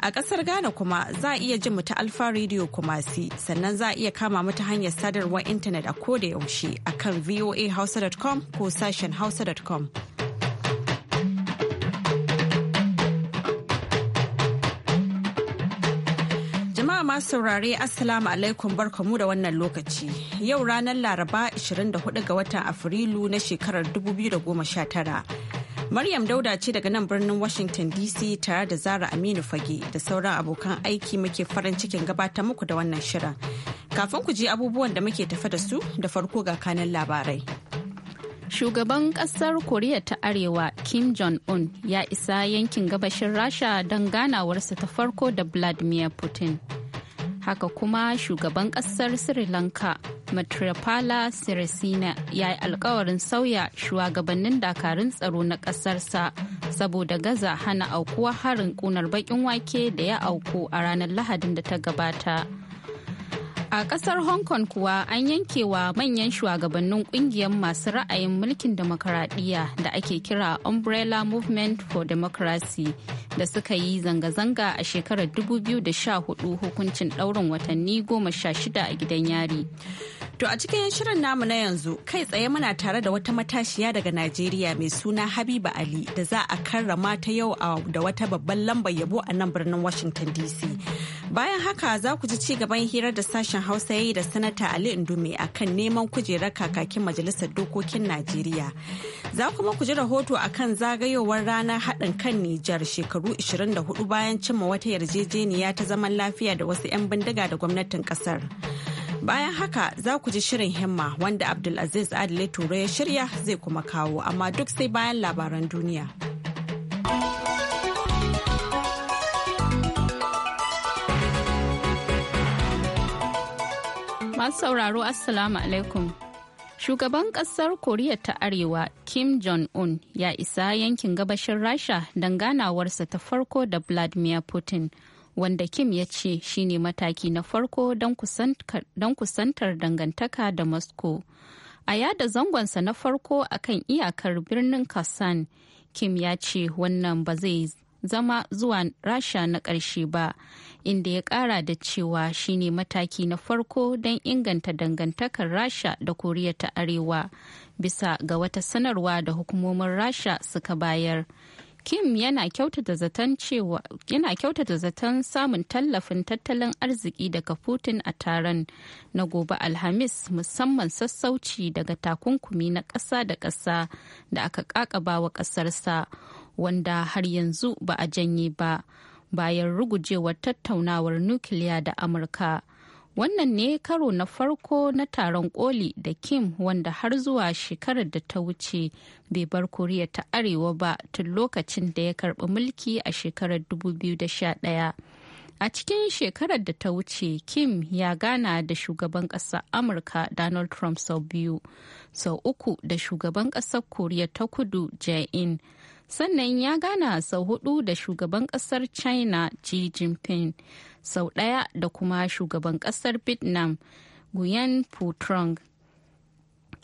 A ƙasar Ghana kuma za a iya jin mu ta Alfa Radio Kumasi sannan za a iya kama mu ta hanyar sadarwar intanet a ko da yaushe a kan voahausa.com ko sashen hausa.com. Jama'a masu saurare Assalamu alaikum barkamu da wannan lokaci. Yau ranar Laraba 24 ga watan Afrilu na shekarar 2019. Maryam Dauda ce daga nan birnin Washington DC tare da Zara Aminu Fage da sauran abokan aiki muke farin cikin gabatar muku da wannan shirin. Kafin ku ji abubuwan da muke tafa da su da farko ga kanan labarai. Shugaban kasar Koriya ta Arewa Kim Jong-un ya isa yankin gabashin Rasha don ganawarsa ta farko da Vladimir Putin. haka kuma shugaban kasar sri lanka matripala sirisina ya yi alkawarin sauya shugabannin dakarun tsaro na kasarsa saboda gaza hana aukuwa harin kunar bakin wake da ya auku a ranar lahadin da ta gabata A kasar Hong Kong kuwa an yanke wa manyan shugabannin kungiyar masu ra'ayin mulkin demokaradiyya da ake kira Umbrella Movement for Democracy da suka yi zanga-zanga a shekarar 2014 hukuncin ɗaurin watanni 16 a gidan yari. To a cikin shirin namu na yanzu kai tsaye muna tare da wata matashiya daga Najeriya mai suna Habiba Ali da za a karrama ta yau da wata babban lambar yabo a nan birnin Washington DC. Bayan haka za ku ji ci gaban hirar da sashen Hausa yayi da Sanata Ali Indume akan neman kujerar kakakin Majalisar Dokokin Najeriya. Za kuma ku ji rahoto akan zagayowar ranar haɗin kan Nijar shekaru 24 bayan cimma wata yarjejeniya ta zaman lafiya da wasu 'yan bindiga da gwamnatin ƙasar. Bayan haka za ku ji shirin himma wanda Abdulaziz Adile turo ya shirya zai kuma kawo amma duk sai bayan labaran duniya. Masu sauraro Assalamu alaikum. Shugaban kasar Koriya ta Arewa Kim Jong-un ya isa yankin gabashin Rasha don ganawarsa ta farko da Vladimir Putin. wanda Kim ya ce shi ne mataki na farko don kusantar dangantaka da Moscow. A yada zangonsa na farko akan iyakar birnin Kasan, Kim ya ce wannan ba zai zama zuwa rasha na ƙarshe ba, inda ya ƙara da cewa shi ne mataki na farko don inganta dangantakar rasha da koriya ta arewa bisa ga wata sanarwa da hukumomin rasha suka bayar. Kim yana kyautata zaton samun tallafin tattalin arziki daga Putin a taron na gobe Alhamis musamman sassauci daga takunkumi na ƙasa da ƙasa da aka ƙaƙabawa ƙasarsa wanda har yanzu ba a janye ba bayan rugujewar tattaunawar nukiliya da Amurka. wannan ne karo na farko na taron koli da kim wanda har zuwa shekarar da ta wuce bai bar koriya ta arewa ba tun lokacin da ya karbi mulki a shekarar 2011 a cikin shekarar da ta wuce kim ya gana da shugaban ƙasar amurka donald trump sau biyu sau uku da shugaban ƙasar koriya ta kudu in sannan ya gana sau hudu da shugaban ƙasar china xi jinping sau ɗaya da kuma shugaban ƙasar vietnam phu putrong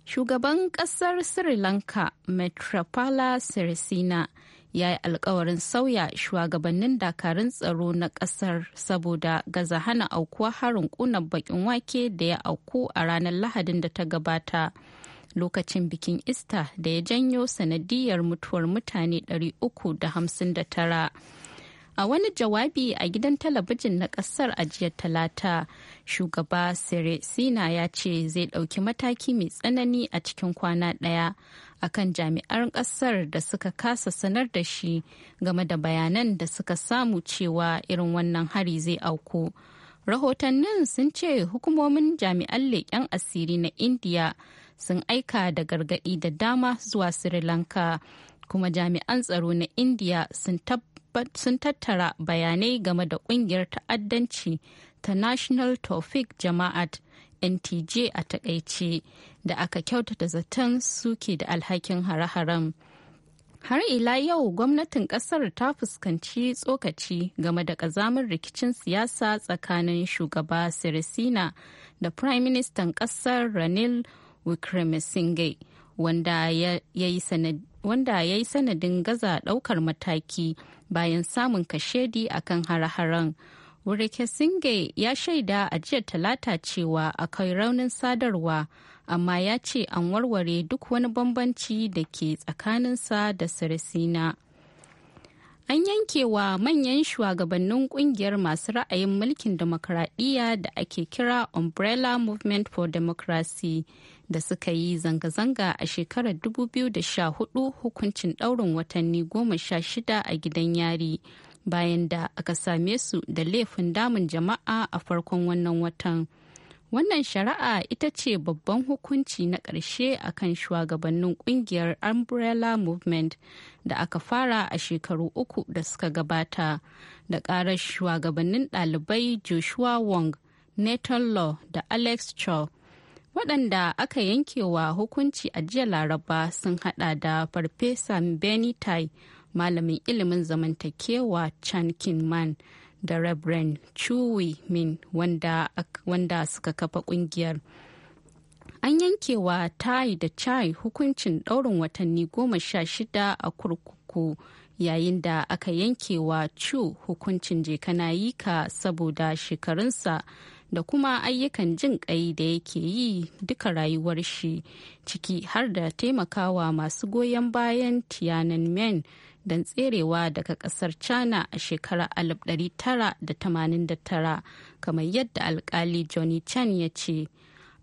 shugaban ƙasar sri lanka metropala sirisina ya yi alkawarin sauya shugabannin dakarun tsaro na kasar saboda gaza hana aukuwa harin ƙuna bakin wake da ya auku a ranar lahadin da ta gabata lokacin bikin Easter da ya janyo sanadiyar mutuwar mutane 359 A wani jawabi a gidan talabijin na kasar a jiya talata, shugaba Sina ya ce zai dauki mataki mai tsanani a cikin kwana ɗaya kan jami'an kasar da suka kasa sanar da shi game da bayanan da suka samu cewa irin wannan hari zai auku. Rahotannin sun ce hukumomin jami'an leƙen asiri na Indiya sun aika da gargaɗi da dama zuwa Sri Lanka, kuma jami'an tsaro na Indiya sun tabbata. sun tattara bayanai game da kungiyar ta'addanci ta National Tawfiq Jama'at NTJ a takaice da aka kyautata zaton suke da alhakin hare-haren. Har ila yau gwamnatin kasar ta fuskanci tsokaci game da kazamin rikicin siyasa tsakanin shugaba Sirisina da Prime Minister kasar Ranil Wickremesinghe wanda ya yi sanadin gaza daukar mataki bayan samun kashedi akan hare-haren. Wurike Singe ya shaida a jiya talata cewa akwai raunin sadarwa, amma ya ce an warware duk wani bambanci da ke tsakaninsa da sarasina. An yanke wa manyan shugabannin kungiyar masu ra'ayin mulkin demokradiyya da ake kira Umbrella Movement for Democracy da suka yi zanga-zanga a shekarar 2014 hukuncin daurin watanni 16 a gidan yari bayan da aka same su da laifin damun jama'a a farkon wannan watan. Wannan shari'a ita ce babban hukunci na ƙarshe a kan shugabannin ƙungiyar Umbrella Movement da aka fara a shekaru uku da suka gabata da ƙarar shugabannin ɗalibai Joshua Wong, Nathan Law da Alex Cho. Waɗanda aka yankewa hukunci a jiya Laraba sun haɗa da Farfesa Benny Tai, malamin ilimin zamantakewa Chan kinman Man. da rebren Chui Min wanda, wanda suka kafa kungiyar. An yankewa Tai da Chai hukuncin ɗaurin watanni goma sha shida a kurkuku yayin da aka yankewa Chu hukuncin jekanayika saboda shekarunsa da kuma ayyukan jin ƙai da yake yi duka rayuwar shi ciki har da taimakawa masu goyon bayan Tiananmen don tserewa daga kasar china a shekarar 1989 kamar yadda alkali johnny chan ya ce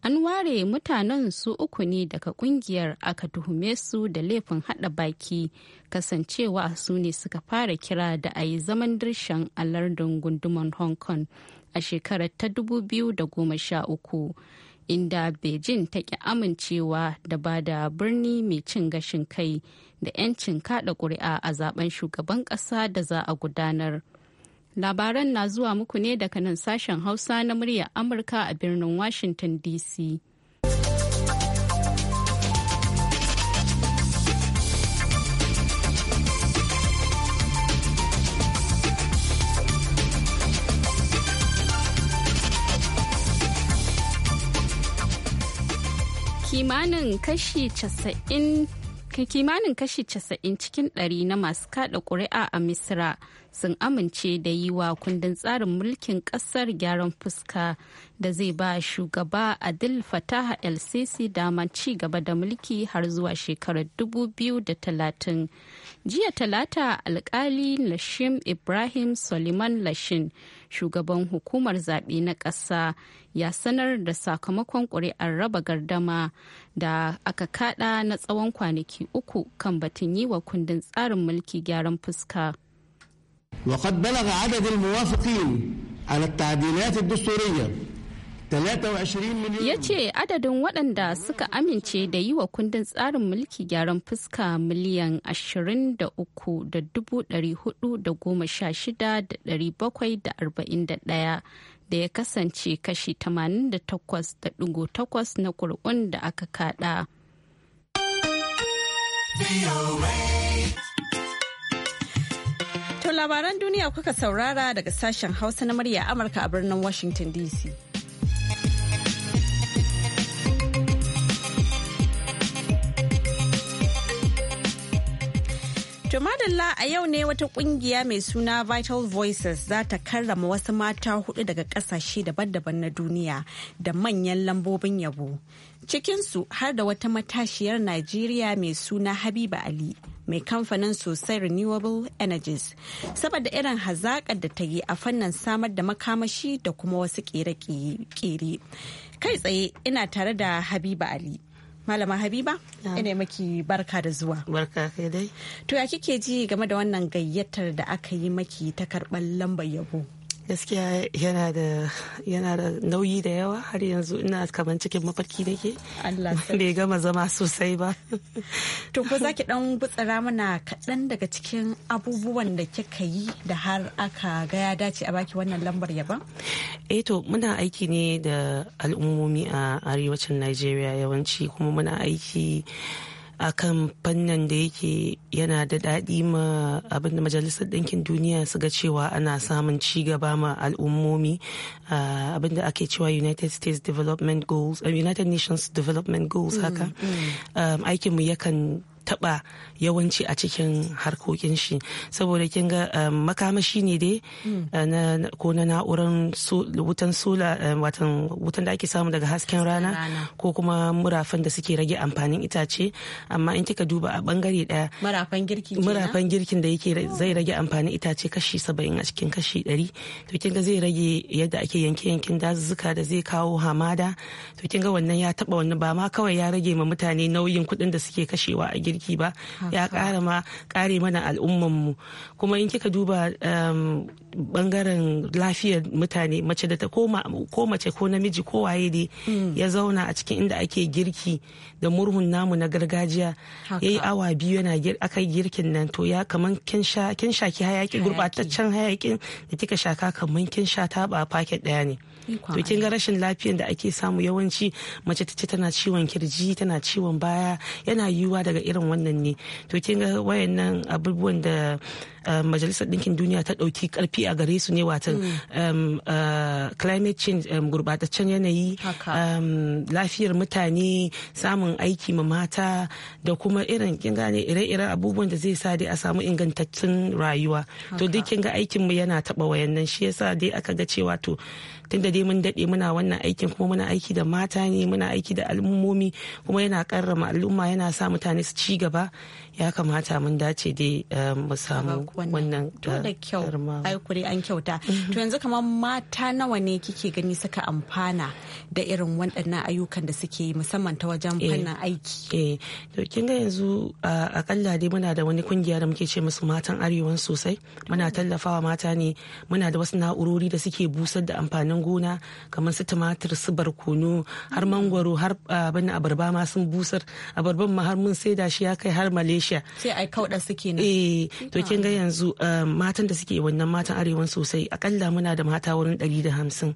an ware mutanen su uku ne daga kungiyar aka tuhume su da laifin hada baki kasancewa su ne suka fara kira da a yi zaman dirshan a lardin gunduman hong kong a shekarar ta 2013 inda beijing ta ki amincewa da ba da birni mai cin gashin kai da 'yancin kada kuri'a a zaben shugaban ƙasa da za a gudanar labaran na zuwa muku ne daga nan sashen hausa na murya amurka a birnin washington dc kimanin kashi casa'in kimanin kashi casa'in cikin ɗari na masu kaɗa ƙuri'a a misra sun amince da yi wa kundin tsarin mulkin kasar gyaran fuska da zai ba shugaba adil fataha el sisi daman ci gaba da mulki har zuwa shekarar 2030 jiya talata alkali lashim ibrahim suleiman lashin shugaban hukumar zaɓe na ƙasa ya sanar da sakamakon ƙuri'ar raba gardama da aka kada na tsawon kwanaki uku kan batun yi wa kundin tsarin mulki gyaran fuska. وقد بلغ عدد الموافقين على التعديلات الدستورية ya ce adadin waɗanda suka amince da yi wa kundin tsarin mulki gyaran fuska miliyan 23,416,741 da ya kasance kashi 88.8 na ƙuri'un da aka kaɗa Wato labaran duniya kuka saurara daga sashen Hausa na murya Amurka a birnin Washington DC. To a yau ne wata kungiya mai suna Vital Voices za ta karrama wasu mata hudu daga kasashe daban-daban na duniya da manyan lambobin yabo. Cikinsu har da wata matashiyar Najeriya mai suna Habiba Ali mai kamfanin sosai renewable energies saboda irin hazaƙar da ta yi a fannin samar da makamashi da kuma wasu kere kere kai tsaye ina tare da habiba ali malama habiba ina maki barka da zuwa barka kai dai to ya kike ji game da wannan gayyatar da aka yi maki ta karban lambar yabo gaskiya yana da yana da nauyi da yawa har yanzu ina kamar cikin mafarki nake bai gama zama sosai ba to ko zaki dan gutsara mana kaɗan daga cikin abubuwan da kika yi da har aka ga ya dace a baki wannan lambar yaba eh to muna aiki ne da al'ummomi a arewacin Najeriya yawanci kuma muna aiki akan fannin da yake yana da daɗi ma abin da majalisar ɗinkin duniya su ga cewa ana samun ci gaba ma al'ummomi abin da ake cewa united states development goals united nations development goals mm, haka mm. um, aikinmu yakan taɓa yawanci a cikin harkokin shi saboda kin ga um, makamashi ne dai hmm. uh, ko na na'uran wutan sola um, watan wutan da ake samu daga hasken rana ko kuma murafan da suke rage amfanin itace amma in kika duba a bangare daya murafan girki murafan girkin da yake zai rage amfanin itace kashi saba'in a cikin kashi ɗari to kin ga zai rage yadda ake yanke yankin dazuzzuka da zai kawo hamada to kin ga wannan ya taba wannan ba ma kawai ya rage ma mutane nauyin kuɗin da suke kashewa a girki ba ya ƙara ma ƙare mana mu kuma in kika duba bangaren um, lafiyar mutane mace da ta ko mace ko namiji ko waye dai hmm. ya zauna a cikin inda ake girki da murhun namu na gargajiya ya yi awa biyu yana akai girkin nan to ya kaman kin shaki hayakin gurbataccen hayakin da kika shaka kaman kin sha taba paket ɗaya ne. to kin ga rashin lafiyan da ake samu yawanci mace ta ce tana ciwon kirji tana ciwon baya yana yiwuwa daga irin wannan ne to kin ga wayannan abubuwan da Um, majalisar ɗinkin duniya ta ɗauki ƙarfi a gare su ne watan mm. um, uh, climate change um, gurbataccen yanayi lafiyar mutane samun aiki ma mata da kuma irin kin gane ire-iren abubuwan da zai sa dai a samu ingantaccen rayuwa to duk kin ga aikin mu yana taɓa wayannan shi yasa dai aka ga cewa to tunda dai mun daɗe muna wannan aikin kuma muna aiki da mata ne muna aiki da al'ummomi kuma yana karrama al'umma yana sa mutane su ci gaba ya kamata mun dace dai eh, mu samu wannan da eh, kyau ai kure an kyauta to yanzu kamar mata nawa ne kike gani suka amfana da irin waɗannan ayyukan da suke yi musamman ta wajen eh. fannin aiki eh to kin ga yanzu akalla dai muna da wani kungiya da muke ce musu matan arewan sosai muna mm. tallafawa mata ne muna da wasu na'urori da suke busar da amfanin gona kamar su tumatir su barkono har mm. mangwaro har abin abarba ma sun busar abarban ma har mun saida shi ya kai har malaysia sha sai ai suke ne. eh to kin ga yanzu eh, matan da suke wannan matan arewan sosai akalla muna da mata wurin ɗari da hamsin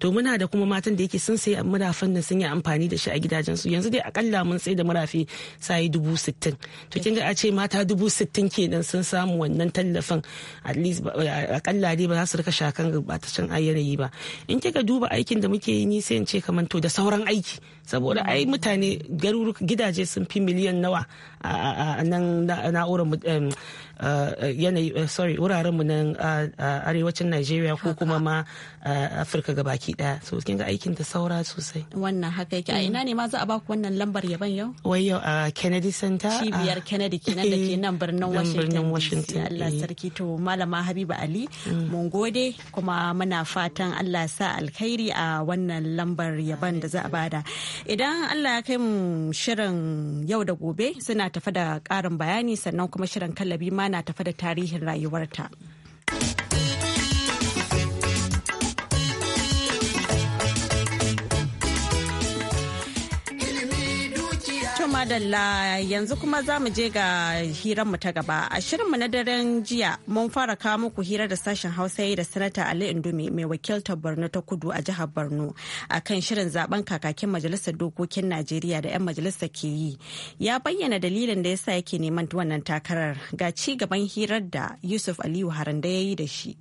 to muna da kuma matan da yake sun sai muna fannin sun yi amfani da shi a gidajen su yanzu dai akalla mun sai da murafe sai dubu sittin to kin ga a ce mata dubu sittin kenan sun samu wannan tallafin at least akalla dai ba za su rika shakan gurɓataccen yanayi ba in kika duba aikin da muke yi ni sai in ce kamar to da sauran aiki saboda ai mutane garuruka gidaje sun fi miliyan nawa a nan na'urar yanayi sorry wuraren mu nan arewacin Najeriya ko kuma ma Afirka ga baki daya so kin ga aikin ta saura sosai wannan haka yake a mm. ina ne ma za a ba ku wannan lambar yaban yau wai yau a Kennedy Center cibiyar Kennedy kenan da ke nan birnin Washington Washington Allah eh. sarki to malama Habiba Ali mm. mun gode kuma muna fatan Allah sa alkhairi a wannan lambar yaban da za a bada idan Allah ya kai mu shirin yau da gobe suna tafa da karin bayani sannan kuma shirin kallabi ma ma na tafa da tarihin rayuwarta. madalla yanzu kuma za mu je ga hiranmu ta gaba. A shirinmu na daren jiya mun fara kawo muku hira da sashen Hausa da Sanata Ali Indumi mai wakiltar Borno ta Kudu a jihar Borno akan shirin zaben kakakin Majalisar Dokokin Najeriya da 'yan majalisar ke yi. Ya bayyana dalilin da yasa yake neman wannan takarar ga ci gaban hirar da Yusuf Aliyu Haranda ya yi da shi.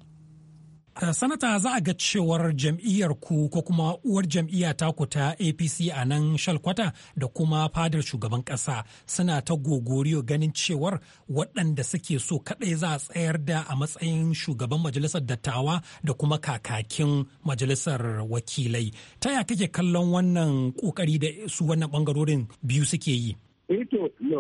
Eh, sanata za a ga cewar jam'iyyar ku ko kuma uwar jam'iyya ku ta apc a nan shalkwata da kuma fadar shugaban kasa suna ta gogoriyo ganin cewar waɗanda suke so kaɗai za a tsayar da a matsayin shugaban majalisar dattawa da kuma kakakin majalisar wakilai ta ya kake kallon wannan ƙoƙari da su wannan ɓangarorin biyu suke yi eh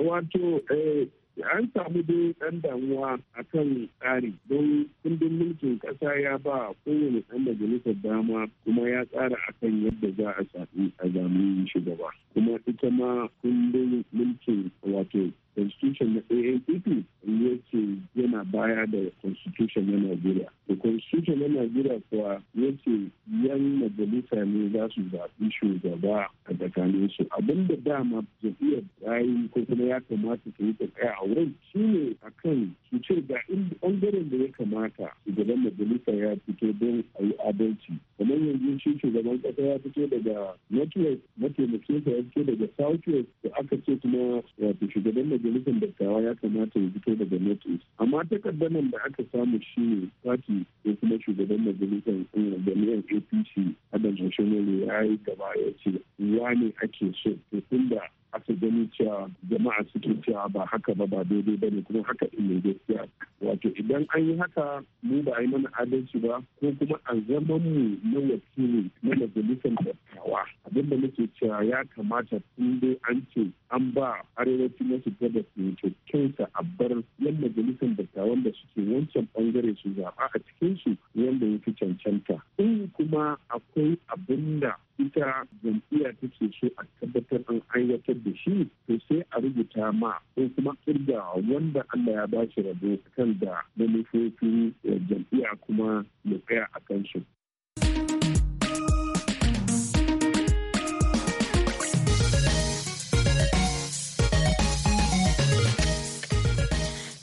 wato eh, an samu dai ɗan damuwa a kan tsari don kundin mulkin ƙasa ya ba kowane ɗan majalisar dama kuma ya tsara a kan yadda za a zaɓi a zamanin shugaba kuma ita ma kundin mulkin wato constitution na AAPP yace to baya the constitution na Najeriya. Da constitution na Najeriya kuwa yace yan majalisa ne za su zaɓi shugaba a tsakanin su. Abinda dama jam'iyyar rayu ko kuma ya kamata su yi ta tsaya a wurin shi ne a kan su ce ga ɓangaren da ya kamata shugaban majalisa ya fito don a yi adalci. Kamar yanzu shi shugaban ƙasa ya fito daga Northwest mataimakinsa ya fito daga Southwest da aka ce kuma wato shugaban majalisar dattawa ya kamata ya fito daga notice amma takardar da aka samu shi ne sati ko kuma shugaban majalisar eh, jami'ar apc adam oshomole ya yi gaba ya ce wane ake so to tunda aka gani cewa jama'a suke cewa ba haka ba ba daidai ba ne kuma haka in ne gaskiya wato idan an yi haka mu ba a yi mana adalci ba ko kuma a zaman mu na wakili na majalisar dattawa abin da muke cewa ya kamata tun dai an ce an ba arewaci na su gaba su kyauta a bar yan majalisar dattawan da suke wancan bangare su zaɓa a cikin su wanda ya fi cancanta in kuma akwai abinda ita jam'iyya take so a tabbatar an aiwatar da shi to sai a rubuta ma ko kuma kirga wanda Allah ya ba shi rabo kan da manufofin eh, jam'iyya kuma ya tsaya a kan shi.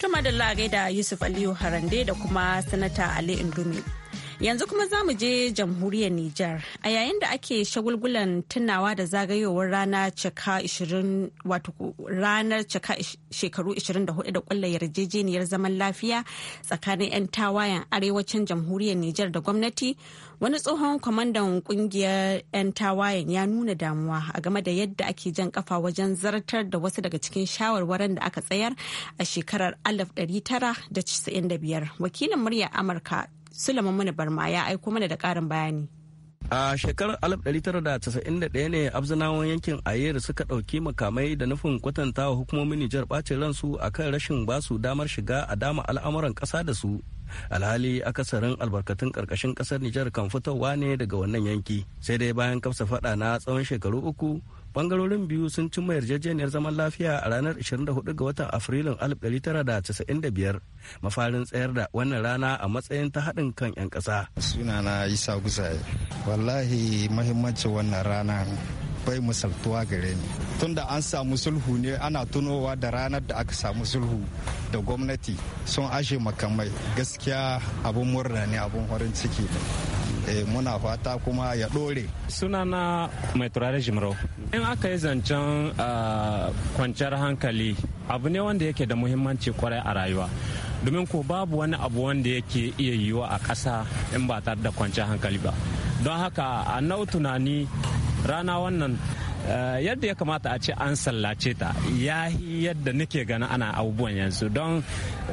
Tuma da lagai da Yusuf Aliyu Harande da kuma Sanata Ali Indumi. Yanzu kuma za mu je jamhuriyar Nijar. A yayin da ake shagulgulan tunawa da zagayowar ranar cika ishirin wato ranar cika shekaru 24 da kulla yarjejeniyar zaman lafiya tsakanin 'yan tawayen arewacin jamhuriyar Nijar da gwamnati, wani tsohon kwamandan kungiyar 'yan tawayen ya nuna damuwa a game da yadda ake jan kafa wajen zartar da wasu daga cikin shawarwaran da aka tsayar a shekarar 1995. Wakilin murya Amurka Sulaiman mana Barma ya aiko mana da ƙarin bayani. A shekarar 1991 ne abzanawan yankin Ayer suka ɗauki makamai da nufin kwatanta hukumomin Nijar ɓacin ransu akan rashin basu damar shiga a dama al'amuran ƙasa da su. alhali akasarin albarkatun karkashin kasar nijar kan fitowa ne daga wannan yanki sai dai bayan kafsa fada na tsawon shekaru uku bangarorin biyu sun cimma yarjejeniyar zaman lafiya a ranar 24 ga watan afrilun 1995 mafarin tsayar da wannan rana a matsayin ta haɗin kan 'yan ƙasa sunana isa gusaye wallahi mahimmancin wannan rana bai misaltuwa gare ni tunda an samu sulhu ne ana tunowa da ranar da aka samu sulhu da gwamnati sun ashe makamai gaskiya abin murna ne abin horin ciki ne eh, muna fata kuma ya dore sunana mai turare jimro in aka yi zancen ah, kwanciyar hankali abu ne wanda yake da muhimmanci kwarai a rayuwa domin ko babu wani abu wanda yake iya yiwuwa a ƙasa in ba tare da kwanciyar hankali ba don haka a nau tunani rana wannan Eh, yadda ya kamata a ce an sallace ta ya yadda nake gani ana abubuwan yanzu don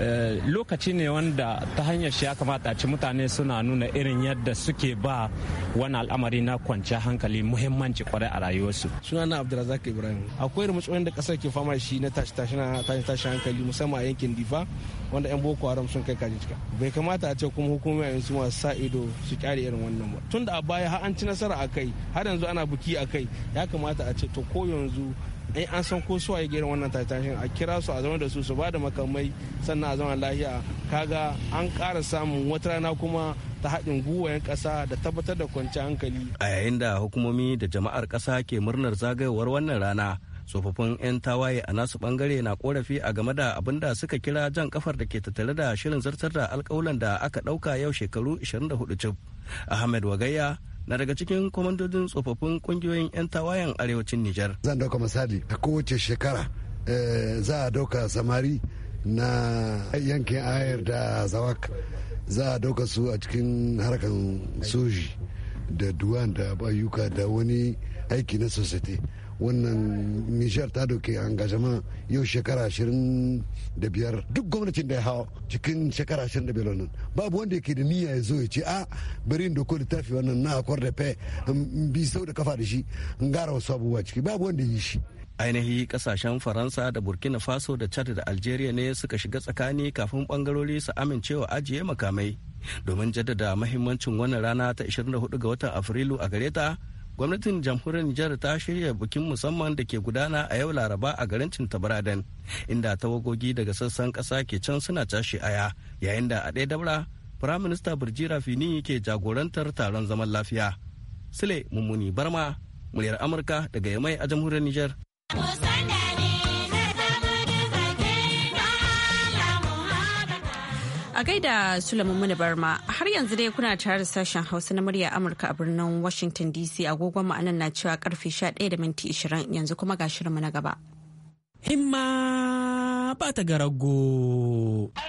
eh, lokaci ne wanda ta hanyar shi ya kamata a ce mutane suna nuna irin yadda suke ba wani al'amari na kwanci hankali muhimmanci kwarai a rayuwarsu suna na abdulrazak ibrahim akwai irin da kasar ke fama shi na tashi tashi hankali musamman a yankin difa wanda yan boko haram sun kai kaji cika bai kamata a ce kuma hukumomi a yanzu masu sa ido su kyare irin wannan ba tun da a baya har an ci nasara a kai har yanzu ana buki a kai ya kamata kamata a ce to ko yanzu in an san ko su a yi gerin wannan tattashin a kira su a zama da su su ba da makamai sannan a zama lahiya kaga an kara samun wata rana kuma ta haɗin guwayen ƙasa da tabbatar da kwanciyar hankali. A yayin da hukumomi da jama'ar ƙasa ke murnar zagayowar wannan rana, tsofaffin 'yan tawaye a nasu bangare na korafi a game da abin da suka kira jan kafar da ke tattare da shirin zartar da alkawalan da aka ɗauka yau shekaru 24 cif. Ahmed Wagayya, na daga cikin kwamandodin tsofaffin kungiyoyin 'yan tawayen arewacin Nijar. Zan dauka misali a kowace shekara eh, za a dauka samari na yankin ayar da zawak za a dauka su a cikin harkan soji da duwan da ayyuka da wani aiki na society. wannan nishar ta doke engagement yau shekara 25 duk gwamnatin da ya hawa cikin shekara 25 wannan babu wanda yake da niyya ya zo ya ce a bari in doko littafi wannan na akwar da fe in bi sau da kafa da shi in gara wasu abubuwa ciki babu wanda yi shi ainihi kasashen faransa da burkina faso da chad da algeria ne suka shiga tsakani kafin bangarori su amincewa ajiye makamai domin jaddada mahimmancin wannan rana ta 24 ga watan afrilu a gareta gwamnatin jamhuriyar Nijar ta shirya bikin musamman da ke gudana a yau Laraba a garin Cintabaradan inda tawagogi daga sassan ƙasa ke can suna tashi aya yayin da a ɗaya dabra Firaminista Birjira Fini ke jagorantar taron zaman lafiya. Sule Mummuni Barma, muryar Amurka daga Yamai a jamhuriyar Nijar. A gaida Sulaiman Muni Barma, har yanzu dai kuna tare da sashen Hausa na murya Amurka a birnin Washington DC agogon ma'anan na cewa karfe 11:20 yanzu kuma ga shirinmu na gaba. Himma ba ta garago.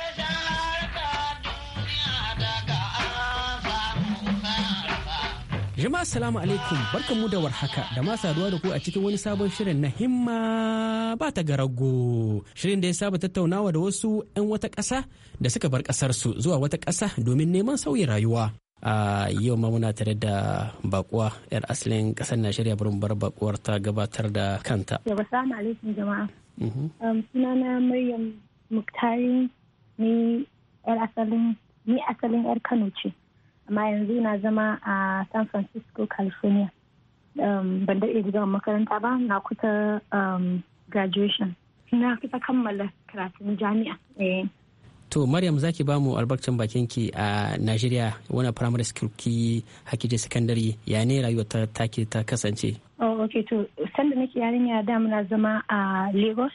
Jama'a salamu alaikum barkanmu da warhaka da ma saduwa da ku a cikin wani sabon shirin na himma ba ta garago. Shirin da ya saba tattaunawa da wasu 'yan wata ƙasa da suka bar ƙasarsu zuwa wata ƙasa domin neman sauyin rayuwa. a yau ma muna tare da bakuwa yar asalin kasar najeriya burin bar bakuwar ta gabatar da kanta ba salamu alaikum jama'a mhm. um, sunana maryam muktari ni yar asalin ni asalin yar kano ce amma yanzu na zama a san francisco california um, ban daɗe daga makaranta ba na kusa um, graduation na kusa kammala karatun jami'a eh. to maryam za ki bamu albarkacin bakin ki a nigeria wani primary school ki hakije secondary ya ne rayuwar ta take ta kasance oh ok to sanda nake yarinya da muna zama a lagos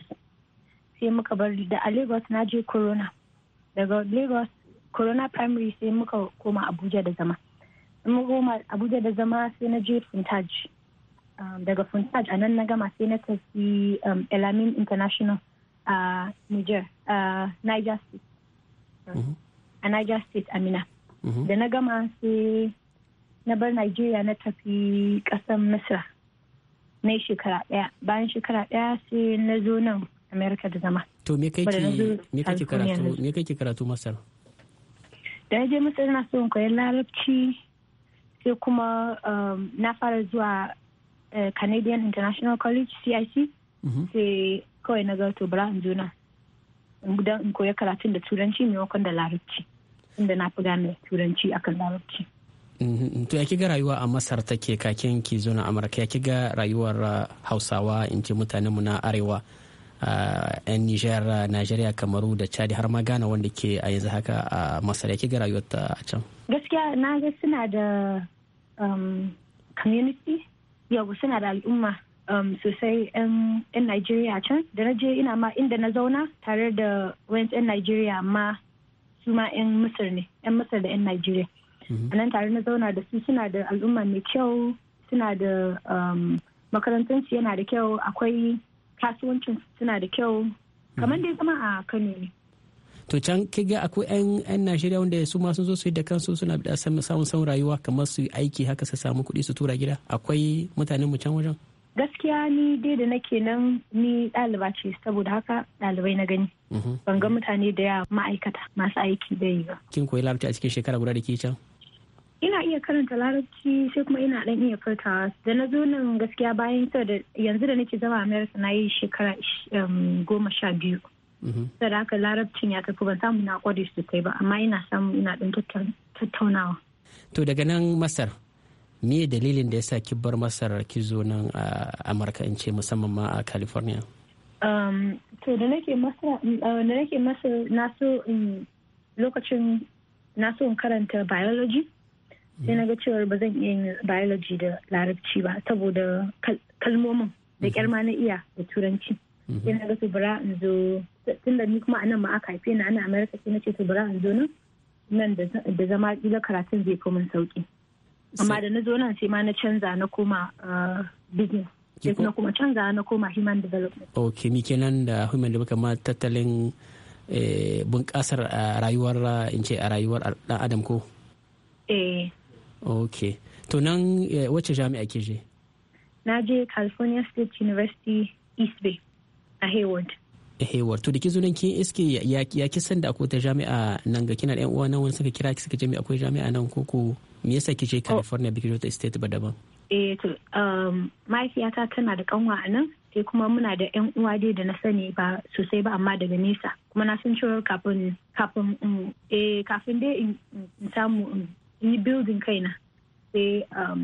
sai muka bar da a lagos na je corona daga lagos corona primary sai muka koma abuja da zama muka koma abuja da zama sai na je funtaj um, daga funtaj a nan na gama sai na tafi um, elamin international a niger a niger state mhm. a niger state amina mhm. da na gama sai na bar nigeria na tafi Kasan misra na shekara ɗaya bayan shekara ɗaya sai na zo nan america da zama to me kake karatu me kake karatu masar da na je misir na so koyan larabci sai kuma um, na fara zuwa eh, canadian international college cic mhm. sai kawai na ga to juna in koyi koya karatun da turanci maimakon da larabci inda na fi gane turanci akan larabci mhm, to ya kiga rayuwa a masar take kakin ki zo na amurka ya kiga rayuwar uh, hausawa in ce mutanenmu na arewa 'yan Nijar, Najeriya, Kamaru da Chad har ma gana wanda ke a yanzu haka a Masar yake ga ta a can. Gaskiya na ga suna da um, community yau suna da al'umma um, sosai 'yan Najeriya a can da na je ina ma inda na zauna tare da wayan 'yan Najeriya ma su ma 'yan Masar ne 'yan Masar da 'yan Najeriya. Mhm. A nan tare na zauna da su suna da al'umma mai kyau suna da um, makarantunsu yana da kyau akwai kasuwancin suna da kyau kamar dai zama a kano ne to can kiga akwai 'yan najeriya wanda su ma sun zo su yi da kansu suna da samun samun rayuwa kamar su aiki haka su samu kuɗi su tura gida akwai mutanen mu can wajen gaskiya ni dai da nake nan ni ɗaliba ce saboda haka ɗalibai na gani mhm. ban ga mutane da yawa ma'aikata masu aiki da yi ba kin koyi larabci a cikin shekara guda da ke can ina iya karanta larabci sai kuma ina dan iya furtawa da na zo nan gaskiya bayan sau da yanzu da nake zama america na yi shekara um, goma sha biyu mhm. sau da haka larabcin ya tafi ban samu na kwari su kai ba amma ina samu ina dan tattaunawa to daga nan masar me dalilin da ya sa ki bar masar ki zo nan a amurka in ce musamman ma a california um, to um, uh, da nake masar na so lokacin na so in karanta biology sai na ga cewar ba zan iya yin biology da larabci ba saboda kalmomin da kyar ma na iya da turanci sai na ga tubura in zo tun da ni kuma anan ma aka haife na ana amerika sai na ce tubura in zo nan nan da zama kila karatun zai fi min sauki amma da na zo nan sai ma na canza na koma ah, business na kuma canza na koma human development ok ni kenan da human development tattalin eh, bunƙasar a ah, rayuwar in ce a rayuwar dan adam ko eh ok to nan eh, wacce jami'a ke je na je california state university east bay a hayward hayward to da ke nan kin iske ya ki san da akwai ta jami'a nan ga kina yan uwa nan wani suka kira ki suka jami'a akwai jami'a nan ko ko me yasa ki je oh. california biki ta state ba daban eh to um, mahaifiyata tana da kanwa a nan sai kuma muna da yan uwa dai da na sani ba sosai ba amma daga nesa kuma na san cewa kafin kafin mm, eh kafin dai in samu yi building kaina sai um,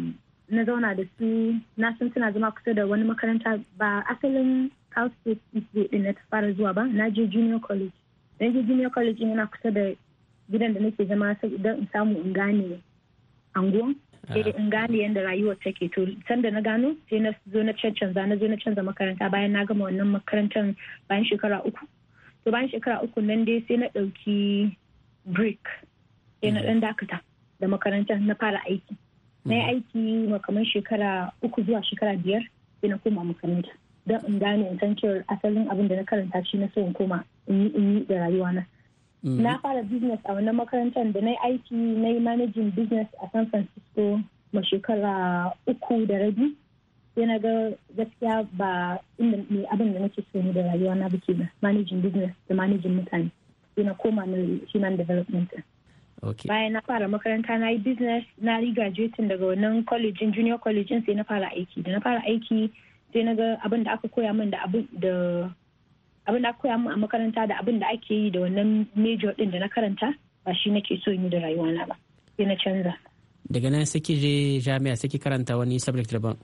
na zauna da su na san suna zama kusa da wani makaranta ba asalin Cal State Eastway din na ta fara zuwa ba na je junior college na je junior college yana kusa da gidan da nake zama sai in samu in gane anguwan sai ah. eh, in gane yadda rayuwar take to sanda na gano sai na zo na canza na zo na canza makaranta bayan na gama wannan makarantar bayan shekara uku to bayan shekara uku nan dai sai na ɗauki break sai na dan mm. dakata da makarantar na fara aiki na yi mhm. aiki makamai shekara uku zuwa shekara biyar sai na koma makaranta don in gane in san cewar asalin abin da na karanta shi na so in koma in yi in yi da rayuwa na mhm. na fara business a wannan makarantar da na yi aiki na yi managing business a san francisco ma shekara uku da rabi sai na ga gaskiya ba inda ne abin da nake so ne da rayuwa na ba managing business da managing mutane sai na koma na human development okay bayan na fara makaranta na yi business na yi graduating daga wannan college junior college sai na fara aiki da na fara aiki sai na ga abin da aka koya min da abin da abin da aka koya min a makaranta da abin da ake yi da wannan major din da na karanta ba shi nake so yi da rayuwa na ba sai na canza daga nan saki je jami'a saki karanta wani subject daban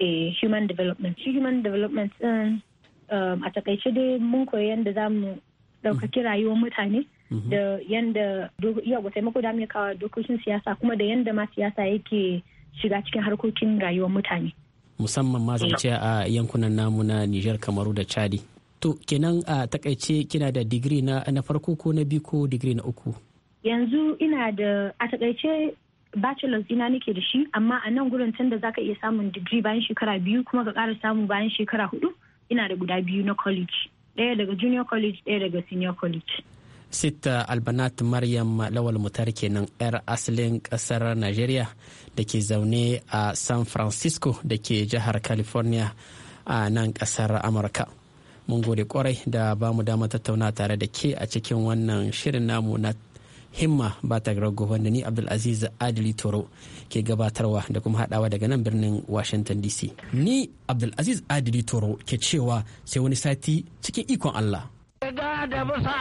eh human development shi human development din um, a takaice dai mun koyi yadda za mu ɗaukaki rayuwar mutane Mhm. da yanda yawa taimako da kawo dokokin siyasa kuma da yadda ma siyasa yake shiga cikin harkokin rayuwar mutane musamman ma zance a yankunan namu na Nijar Kamaru da Chadi to kenan a takaice kina da digiri na farko ko na biyu ko digiri na uku yanzu ina da a takaice bachelor's ina nake da shi amma a nan gurin tun da zaka iya samun digiri bayan shekara biyu kuma ka ƙara samu bayan shekara hudu ina da guda biyu na college ɗaya daga junior college ɗaya daga senior college sita uh, albanat maryam lawal mutar kenan 'yar asalin kasar Najeriya da ke zaune a san francisco da ke jihar california a nan kasar amurka mun gode kwarai da ba mu dama tattauna tare da ke a cikin wannan shirin namu na himma ba ta rago wanda ni abdulaziz adili toro ke gabatarwa da kuma hadawa daga nan birnin washington dc ni abdulaziz adili toro ke cewa sai wani sati cikin ikon allah Riga da busa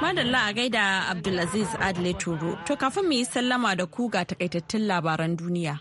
Madalla a gaida Abdulaziz Adle Turo. To kafin mu yi sallama da kuga ga takaitattun labaran duniya.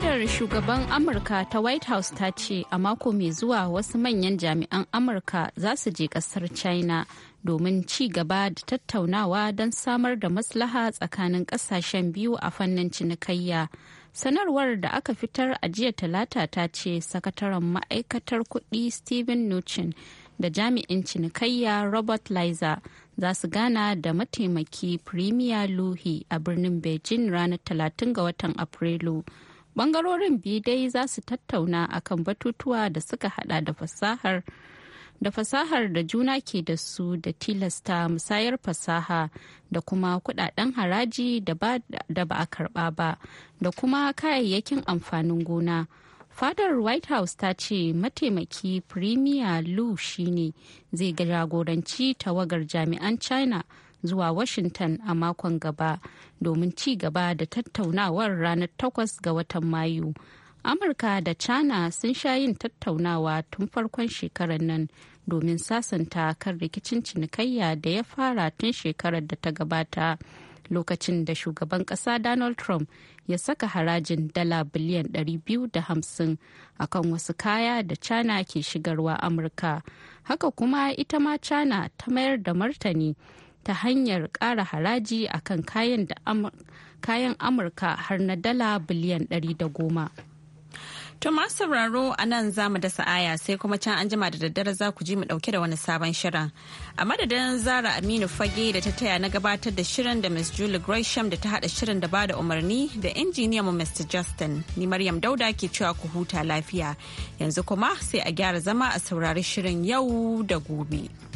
fadar shugaban amurka ta white house ta ce a mako mai zuwa wasu manyan jami'an amurka za su je kasar china domin ci gaba da tattaunawa don samar da maslaha tsakanin kasashen biyu a fannin cinikayya sanarwar da aka fitar a jiya talata ta ce sakataren ma'aikatar kudi steven nuchin da jami'in cinikayya robert liza za su gana da mataimaki premier luhi a birnin beijing ranar 30 ga watan afrilu Bangarorin biyu dai za su tattauna akan batutuwa da suka hada da fasahar da fasahar da juna ke da su da tilasta musayar fasaha da kuma kudaden haraji da ba a karba ba da kuma kayayyakin amfanin gona. fadar white house ta ce mataimaki premier lu shine zai jagoranci tawagar jami'an china zuwa Washington a makon gaba domin ci gaba da tattaunawar ranar takwas ga watan Mayu. Amurka da China sun sha yin tattaunawa tun farkon shekarar nan domin sasanta kan rikicin cinikayya da ya fara tun shekarar da ta gabata. lokacin da shugaban kasa Donald Trump ya saka harajin dala biliyan 250 a kan wasu kaya da China ke shigarwa Amurka. Haka kuma ita ma China ta mayar da martani ta hanyar ƙara haraji a kan kayan amurka har na dala biliyan 110 To masu sauraro a nan za mu dasa aya sai kuma can an jima da daddare za ku ji mu dauke da wani sabon shirin. A madadin Zara Aminu Fage da ta taya na gabatar da shirin da Miss Julie Gresham da ta hada shirin da bada umarni da injiniya mu Mr. Justin. Ni Maryam Dauda ke cewa ku huta lafiya. Yanzu kuma sai a gyara zama a saurari shirin yau da gobe.